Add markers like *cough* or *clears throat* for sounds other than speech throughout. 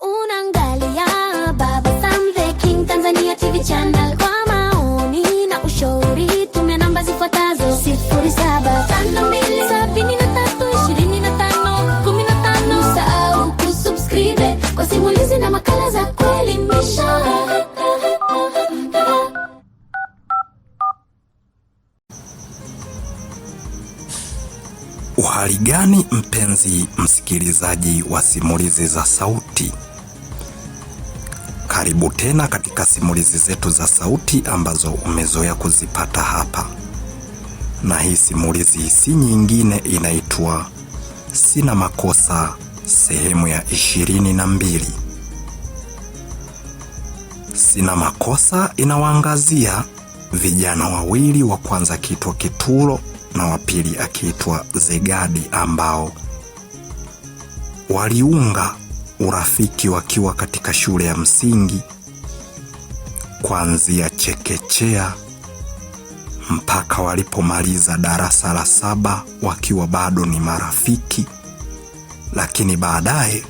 乌兰盖。Hali gani mpenzi msikilizaji wa simulizi za sauti, karibu tena katika simulizi zetu za sauti ambazo umezoea kuzipata hapa, na hii simulizi si nyingine, inaitwa Sina Makosa sehemu ya ishirini na mbili. Sina Makosa inawaangazia vijana wawili wa kwanza kitwa Kituro na wa pili akiitwa Zegadi ambao waliunga urafiki wakiwa katika shule ya msingi kuanzia chekechea mpaka walipomaliza darasa la saba wakiwa bado ni marafiki, lakini baadaye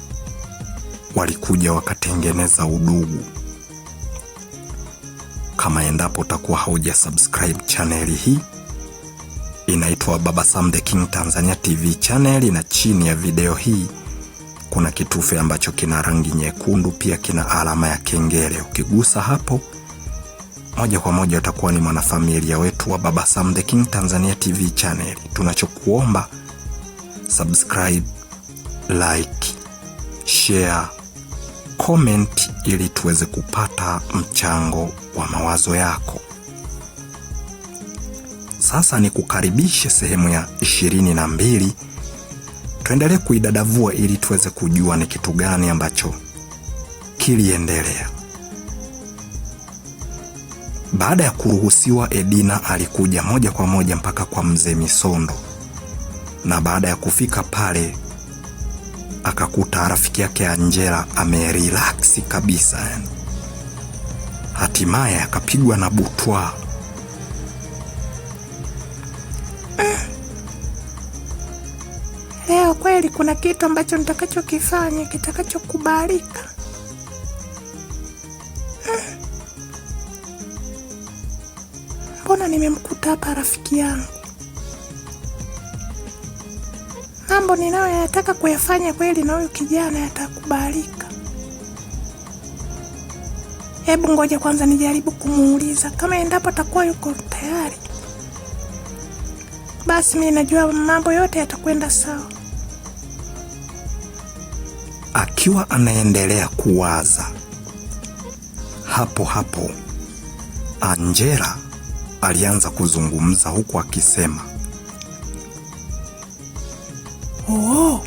walikuja wakatengeneza udugu. Kama endapo utakuwa hauja subscribe chaneli hii inaitwa Baba Sam The King Tanzania TV channel, na chini ya video hii kuna kitufe ambacho kina rangi nyekundu, pia kina alama ya kengele. Ukigusa hapo moja kwa moja utakuwa ni mwanafamilia wetu wa Baba Sam The King Tanzania TV channel. Tunachokuomba subscribe, like, share, comment ili tuweze kupata mchango wa mawazo yako. Sasa ni kukaribishe sehemu ya ishirini na mbili. Tuendelee kuidadavua ili tuweze kujua ni kitu gani ambacho kiliendelea. Baada ya kuruhusiwa, Edina alikuja moja kwa moja mpaka kwa mzee Misondo, na baada ya kufika pale akakuta rafiki yake Angela amerilaksi kabisa, yani hatimaye akapigwa na butwa kweli kuna kitu ambacho nitakachokifanya kitakachokubalika. Mbona nimemkuta hapa rafiki yangu? Mambo ninayoyataka kuyafanya kweli na huyu kijana yatakubalika? Hebu ngoja kwanza nijaribu kumuuliza kama endapo atakuwa yuko tayari, basi mi najua mambo yote yatakwenda sawa. Akiwa anaendelea kuwaza hapo hapo, Angela alianza kuzungumza huku akisema, oh,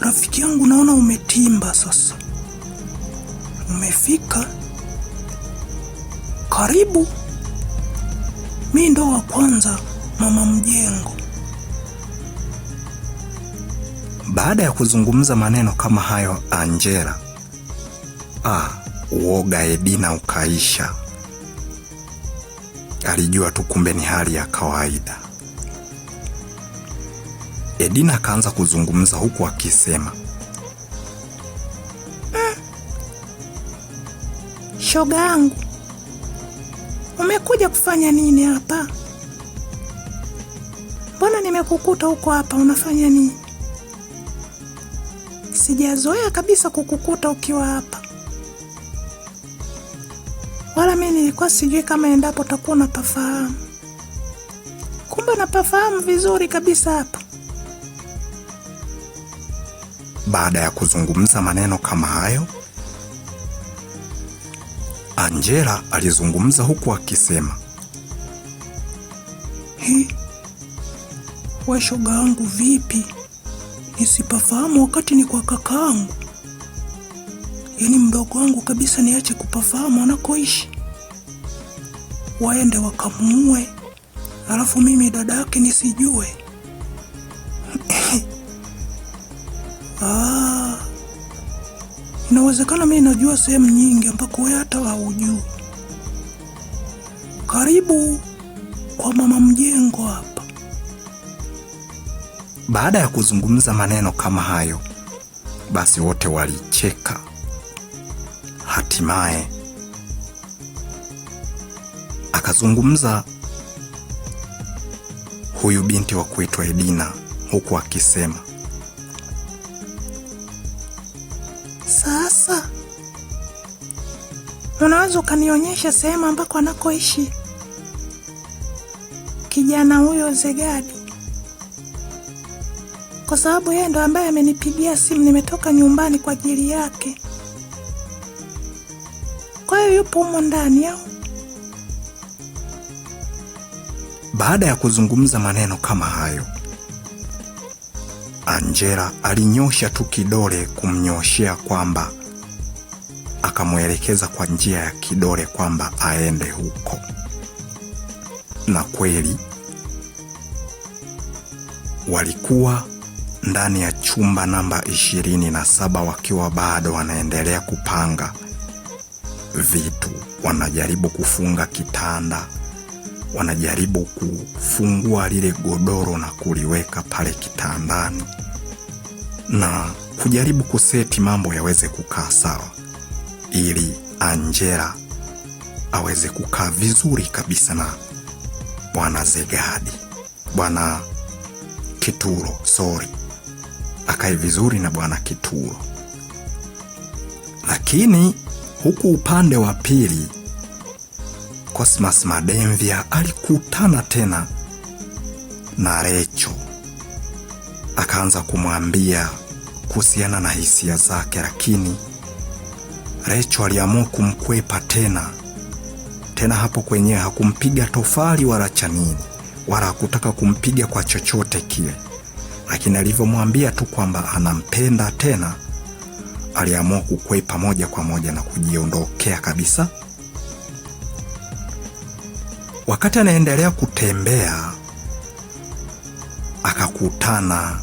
rafiki yangu, naona umetimba sasa, umefika karibu. Mi ndo wa kwanza Baada ya kuzungumza maneno kama hayo, Angela, ah, uoga Edina ukaisha. Alijua tu kumbe ni hali ya kawaida. Edina akaanza kuzungumza huku akisema eh, shoga yangu umekuja kufanya nini hapa? Mbona nimekukuta huko hapa unafanya nini? sijazoea kabisa kukukuta ukiwa hapa, wala mi nilikuwa sijui kama endapo utakuwa unapafahamu. Kumbe napafahamu vizuri kabisa hapa. Baada ya kuzungumza maneno kama hayo, Angela alizungumza huku akisema, Hi, washoga wangu, vipi nisipafahamu wakati ni kwa kakaangu, yaani mdogo wangu kabisa, niache kupafahamu anakoishi, waende wakamuue, alafu mimi dada yake nisijue. *coughs* Ah, inawezekana mimi najua sehemu nyingi ambako wewe hata haujui. Karibu kwa mama mjengo hapa. Baada ya kuzungumza maneno kama hayo, basi wote walicheka. Hatimaye akazungumza huyu binti wa kuitwa Edina, huku akisema, sasa unaweza ukanionyesha sehemu ambako anakoishi kijana huyo Zegadi? kwa sababu yeye ndo ambaye amenipigia simu. Nimetoka nyumbani kwa ajili yake, kwa hiyo yupo humo ndani au? Baada ya kuzungumza maneno kama hayo, Angela alinyosha tu kidole kumnyoshea kwamba akamwelekeza kwa njia ya kidole kwamba aende huko, na kweli walikuwa ndani ya chumba namba 27 wakiwa bado wanaendelea kupanga vitu, wanajaribu kufunga kitanda, wanajaribu kufungua lile godoro na kuliweka pale kitandani na kujaribu kuseti mambo yaweze kukaa sawa, ili Angela aweze kukaa vizuri kabisa na bwana Zegadi, bwana Kituro, sorry akae vizuri na bwana Kituo. Lakini huku upande wa pili, Cosmas Mademvya alikutana tena na Recho, akaanza kumwambia kuhusiana na hisia zake, lakini Recho aliamua kumkwepa tena tena. Hapo kwenyewe hakumpiga tofali wala chanini wala hakutaka kumpiga kwa chochote kile lakini alivyomwambia tu kwamba anampenda tena, aliamua kukwepa moja kwa moja na kujiondokea kabisa. Wakati anaendelea kutembea, akakutana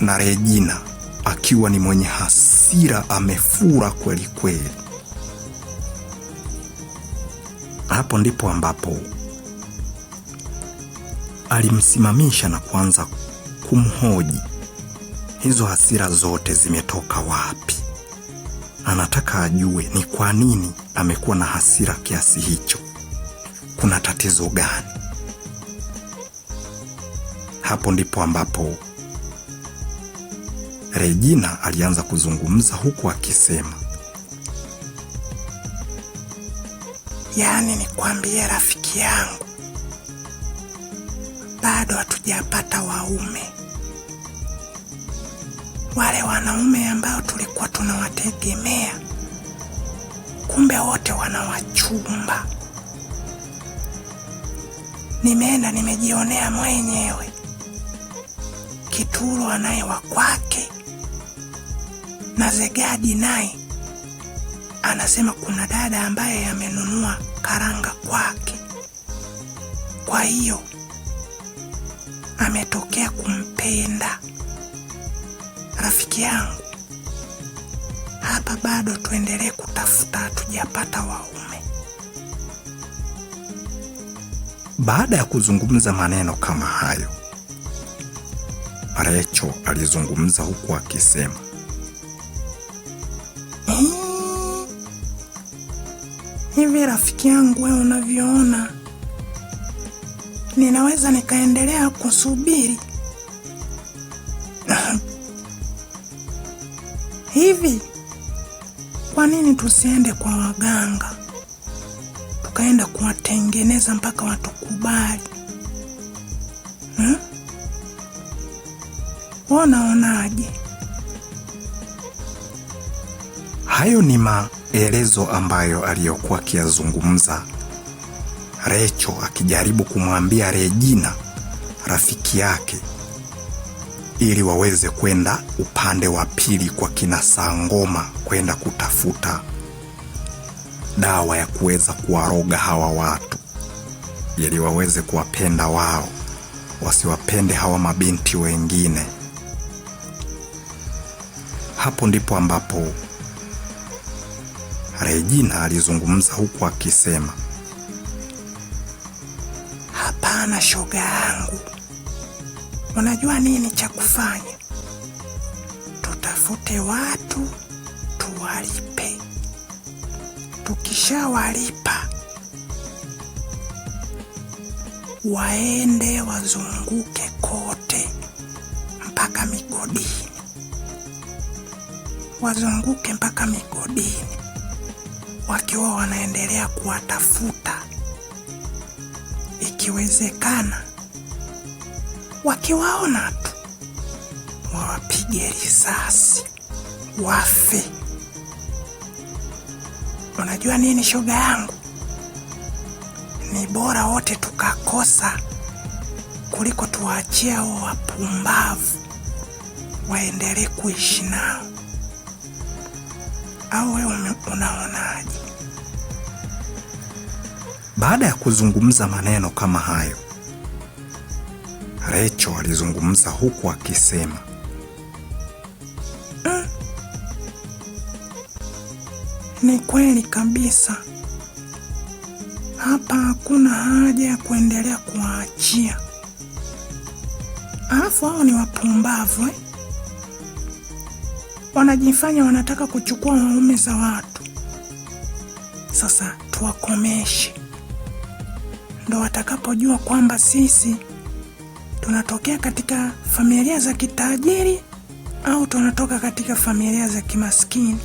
na Regina akiwa ni mwenye hasira, amefura kweli kweli. Hapo ndipo ambapo alimsimamisha na kuanza kumhoji hizo hasira zote zimetoka wapi. Anataka ajue ni kwa nini amekuwa na hasira kiasi hicho, kuna tatizo gani? Hapo ndipo ambapo Regina alianza kuzungumza huku akisema, yaani nikwambie rafiki yangu, bado hatujapata waume wale wanaume ambao tulikuwa tunawategemea, kumbe wote wanawachumba. Nimeenda nimejionea mwenyewe, Kituro anaye wa kwake na Zegadi naye anasema kuna dada ambaye amenunua karanga kwake, kwa hiyo ametokea kumpenda. Rafiki yangu, hapa bado tuendelee kutafuta, hatujapata waume. Baada ya kuzungumza maneno kama hayo, Recho alizungumza huku akisema hmm, hivi, rafiki yangu, wewe unavyoona ninaweza nikaendelea kusubiri hivi, kwa nini tusiende kwa waganga tukaenda kuwatengeneza mpaka watukubali hmm? Wanaonaje? Hayo ni maelezo ambayo aliyokuwa akiyazungumza Recho akijaribu kumwambia Regina rafiki yake ili waweze kwenda upande wa pili kwa kina Sangoma kwenda kutafuta dawa ya kuweza kuwaroga hawa watu ili waweze kuwapenda wao, wasiwapende hawa mabinti wengine. Hapo ndipo ambapo Regina alizungumza huku akisema, hapana shoga yangu Unajua nini cha kufanya? Tutafute watu tuwalipe. Tukishawalipa waende wazunguke kote mpaka migodini, wazunguke mpaka migodini wakiwa wanaendelea kuwatafuta, ikiwezekana wakiwaona tu wawapige risasi wafe. Unajua nini, shoga yangu, ni bora wote tukakosa kuliko tuwaachie hao wapumbavu waendelee kuishi nao. Au wewe unaonaje? Baada ya kuzungumza maneno kama hayo mtoto alizungumza huku akisema, mm, ni kweli kabisa. Hapa hakuna haja ya kuendelea kuwaachia. Alafu hao ni wapumbavu eh? Wanajifanya wanataka kuchukua waume za watu. Sasa tuwakomeshe, ndo watakapojua kwamba sisi tunatokea katika familia za kitajiri au tunatoka katika familia za kimaskini?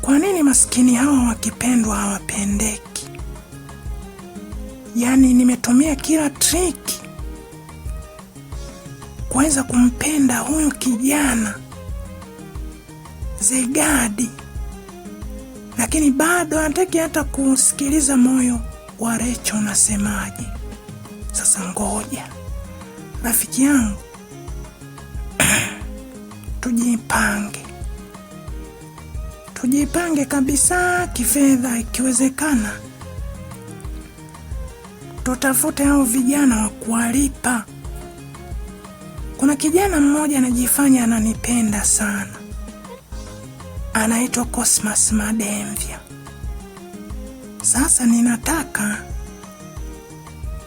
Kwa nini maskini hawa wakipendwa hawapendeki? Yaani, nimetumia kila triki kuweza kumpenda huyu kijana Zegadi, lakini bado hataki hata kusikiliza moyo wa Recho unasemaje. Sasa ngoja rafiki yangu *clears throat* tujipange, tujipange kabisa kifedha. Ikiwezekana tutafute hao vijana wa kuwalipa. Kuna kijana mmoja anajifanya ananipenda sana, anaitwa Cosmas Mademvya. Sasa ninataka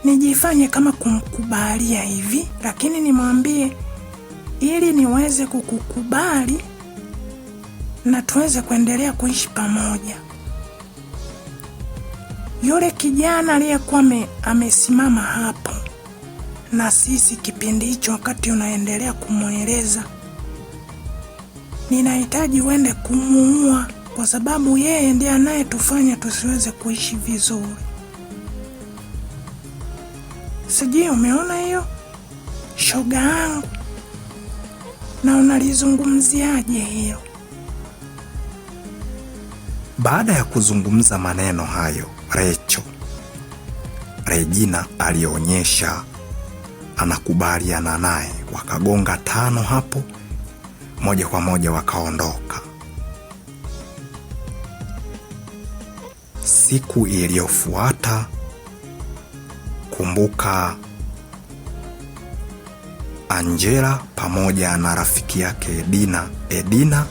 nijifanye kama kumkubalia hivi, lakini nimwambie ili niweze kukukubali na tuweze kuendelea kuishi pamoja. Yule kijana aliyekuwa amesimama hapo na sisi kipindi hicho, wakati unaendelea kumweleza, ninahitaji uende kumuua, kwa sababu yeye ndiye anayetufanya tusiweze kuishi vizuri. Sijui umeona hiyo shoga yangu, na unalizungumziaje hiyo? Baada ya kuzungumza maneno hayo, Recho Regina alionyesha anakubaliana naye, wakagonga tano hapo moja kwa moja wakaondoka. Siku iliyofuata kumkumbuka Angela pamoja na rafiki yake Edina. Edina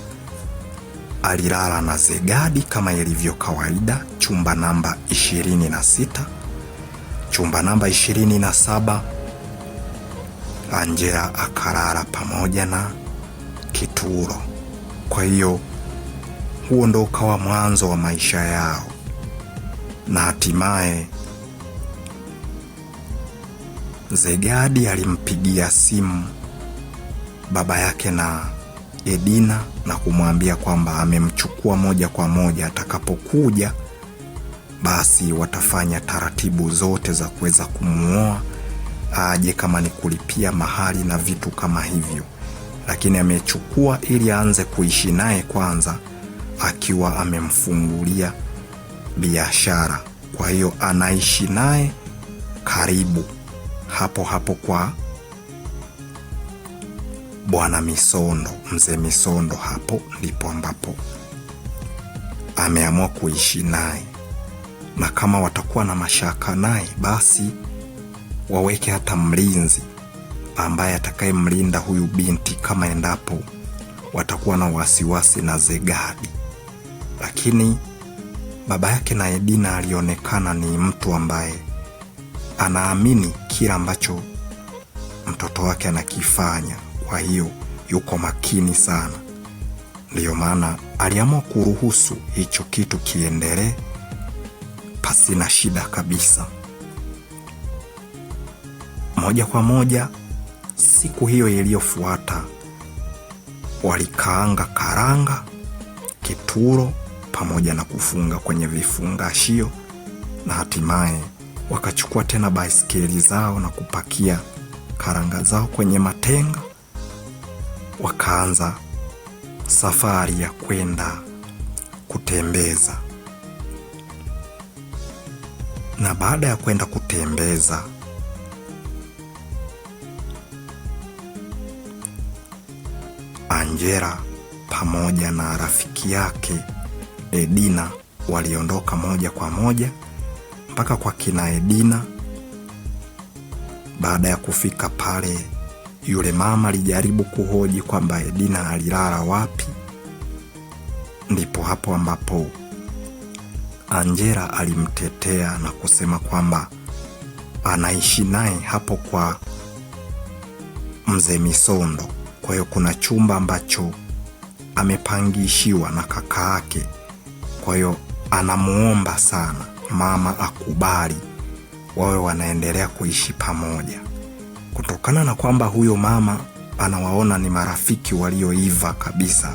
alilala na Zegadi kama ilivyo kawaida, chumba namba 26. Chumba namba 27, Angela akalala pamoja na Kituro. Kwa hiyo huo ndo ukawa mwanzo wa maisha yao na hatimaye Zegadi alimpigia simu baba yake na Edina na kumwambia kwamba amemchukua moja kwa moja, atakapokuja basi watafanya taratibu zote za kuweza kumwoa aje, kama ni kulipia mahali na vitu kama hivyo, lakini amechukua ili aanze kuishi naye kwanza, akiwa amemfungulia biashara. Kwa hiyo anaishi naye karibu hapo hapo kwa Bwana Misondo, mzee Misondo. Hapo ndipo ambapo ameamua kuishi naye, na kama watakuwa na mashaka naye, basi waweke hata mlinzi ambaye atakayemlinda huyu binti kama endapo watakuwa na wasiwasi na Zegadi. Lakini baba yake na Edina alionekana ni mtu ambaye anaamini kila ambacho mtoto wake anakifanya. Kwa hiyo yuko makini sana, ndiyo maana aliamua kuruhusu hicho kitu kiendelee pasi na shida kabisa. Moja kwa moja, siku hiyo iliyofuata walikaanga karanga, kituro pamoja na kufunga kwenye vifungashio na hatimaye Wakachukua tena baiskeli zao na kupakia karanga zao kwenye matenga, wakaanza safari ya kwenda kutembeza. Na baada ya kwenda kutembeza, Angela pamoja na rafiki yake Edina waliondoka moja kwa moja mpaka kwa kina Edina. Baada ya kufika pale, yule mama alijaribu kuhoji kwamba Edina alilala wapi. Ndipo hapo ambapo Angela alimtetea na kusema kwamba anaishi naye hapo kwa mzee Misondo. Kwa hiyo kuna chumba ambacho amepangishiwa na kaka yake, kwa hiyo anamuomba sana mama akubali wawe wanaendelea kuishi pamoja, kutokana na kwamba huyo mama anawaona ni marafiki walioiva kabisa.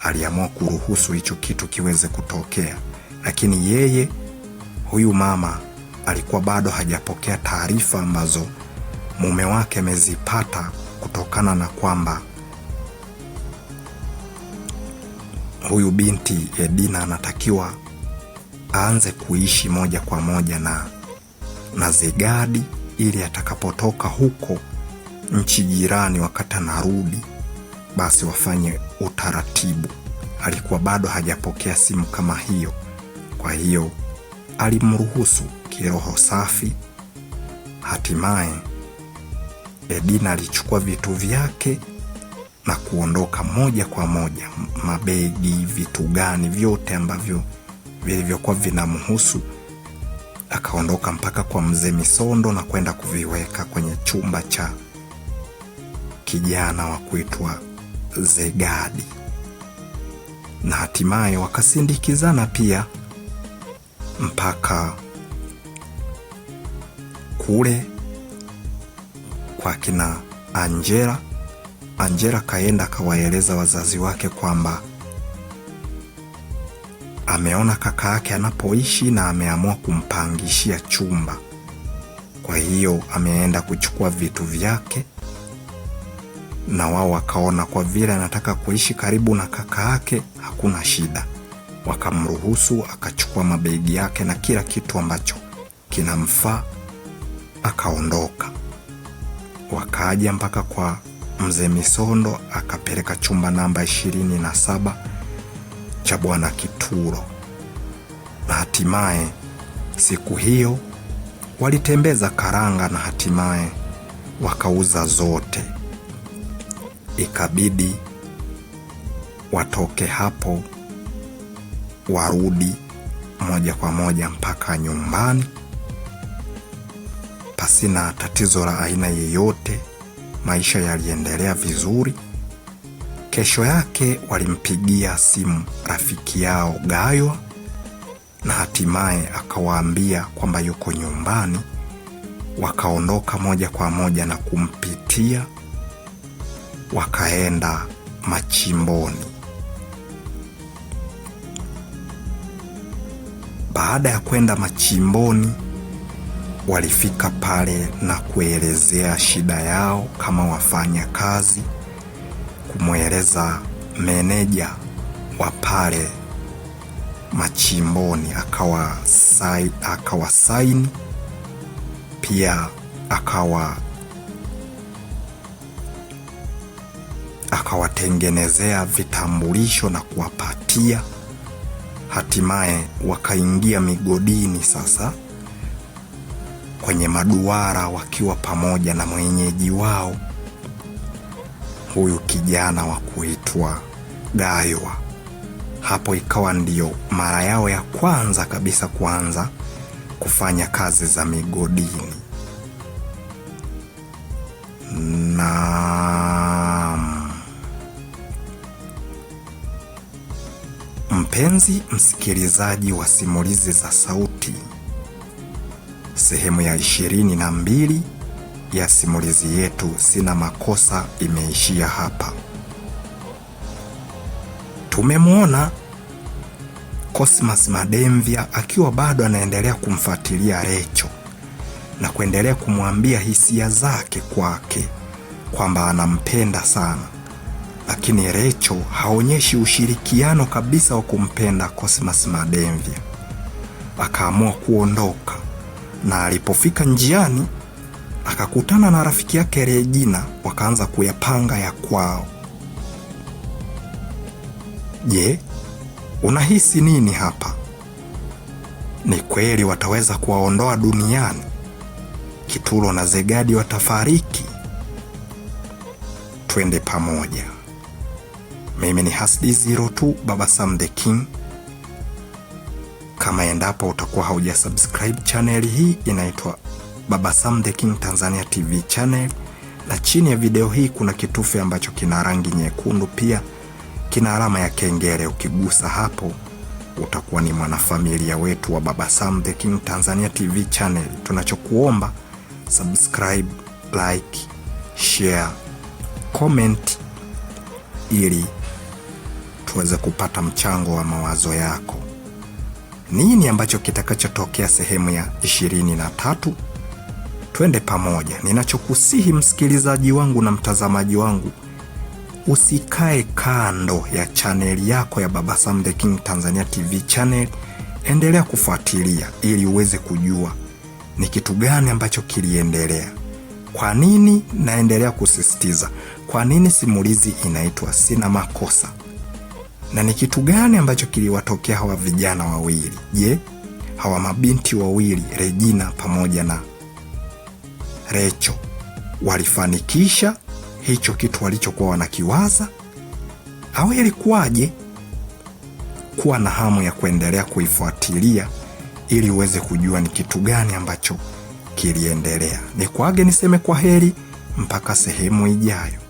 Aliamua kuruhusu hicho kitu kiweze kutokea, lakini yeye huyu mama alikuwa bado hajapokea taarifa ambazo mume wake amezipata kutokana na kwamba huyu binti Edina anatakiwa aanze kuishi moja kwa moja na, na Zegadi ili atakapotoka huko nchi jirani, wakati anarudi basi wafanye utaratibu. Alikuwa bado hajapokea simu kama hiyo, kwa hiyo alimruhusu kiroho safi. Hatimaye Edina alichukua vitu vyake na kuondoka moja kwa moja, mabegi, vitu gani vyote ambavyo vilivyokuwa vinamhusu, akaondoka mpaka kwa mzee Misondo na kwenda kuviweka kwenye chumba cha kijana wa kuitwa Zegadi, na hatimaye wakasindikizana pia mpaka kule kwa kina Angela. Angela kaenda akawaeleza wazazi wake kwamba ameona kaka yake anapoishi na ameamua kumpangishia chumba. Kwa hiyo ameenda kuchukua vitu vyake, na wao wakaona kwa vile anataka kuishi karibu na kaka yake hakuna shida, wakamruhusu akachukua mabegi yake na kila kitu ambacho kinamfaa akaondoka. Wakaja mpaka kwa mzee Misondo, akapeleka chumba namba ishirini na saba cha Bwana Kituro. Na hatimaye siku hiyo walitembeza karanga, na hatimaye wakauza zote. Ikabidi watoke hapo warudi moja kwa moja mpaka nyumbani pasina tatizo la aina yeyote. Maisha yaliendelea vizuri. Kesho yake walimpigia simu rafiki yao Gayo na hatimaye akawaambia kwamba yuko nyumbani. Wakaondoka moja kwa moja na kumpitia, wakaenda machimboni. Baada ya kwenda machimboni, walifika pale na kuelezea shida yao kama wafanya kazi kumweleza meneja wa pale machimboni, akawa saini, akawa sign pia akawa akawatengenezea vitambulisho na kuwapatia. Hatimaye wakaingia migodini sasa kwenye maduara wakiwa pamoja na mwenyeji wao huyu kijana wa kuitwa Gaywa. Hapo ikawa ndiyo mara yao ya kwanza kabisa kuanza kufanya kazi za migodini na mpenzi msikilizaji wa simulizi za sauti sehemu ya ishirini na mbili ya simulizi yetu Sina Makosa imeishia hapa. Tumemwona Cosmas Mademvya akiwa bado anaendelea kumfuatilia Recho na kuendelea kumwambia hisia zake kwake kwamba anampenda sana, lakini Recho haonyeshi ushirikiano kabisa wa kumpenda Cosmas Mademvya, akaamua kuondoka na alipofika njiani akakutana na rafiki yake Regina, wakaanza kuyapanga ya kwao. Je, unahisi nini hapa? Ni kweli wataweza kuwaondoa duniani? Kitulo na Zegadi watafariki? Twende pamoja. Mimi ni Hasdi Zero tu, Baba Sam the King. Kama endapo utakuwa haujasubscribe chaneli hii inaitwa Baba Sam the King Tanzania TV channel, na chini ya video hii kuna kitufe ambacho kina rangi nyekundu, pia kina alama ya kengele. Ukigusa hapo utakuwa ni mwanafamilia wetu wa Baba Sam the King Tanzania TV channel. Tunachokuomba subscribe, like, share, comment ili tuweze kupata mchango wa mawazo yako. Nini ambacho kitakachotokea sehemu ya ishirini na tatu? twende pamoja. Ninachokusihi msikilizaji wangu na mtazamaji wangu, usikae kando ya chaneli yako ya Baba Sam the King Tanzania TV channel. Endelea kufuatilia ili uweze kujua ni kitu gani ambacho kiliendelea. Kwa nini naendelea kusisitiza? Kwa nini simulizi inaitwa Sina Makosa? Na ni kitu gani ambacho kiliwatokea hawa vijana wawili? Je, hawa mabinti wawili Regina pamoja na Recho walifanikisha hicho kitu walichokuwa wanakiwaza, au ilikuwaje? Kuwa na hamu ya kuendelea kuifuatilia ili uweze kujua ni kitu gani ambacho kiliendelea. Ni kwage niseme kwa heri mpaka sehemu ijayo.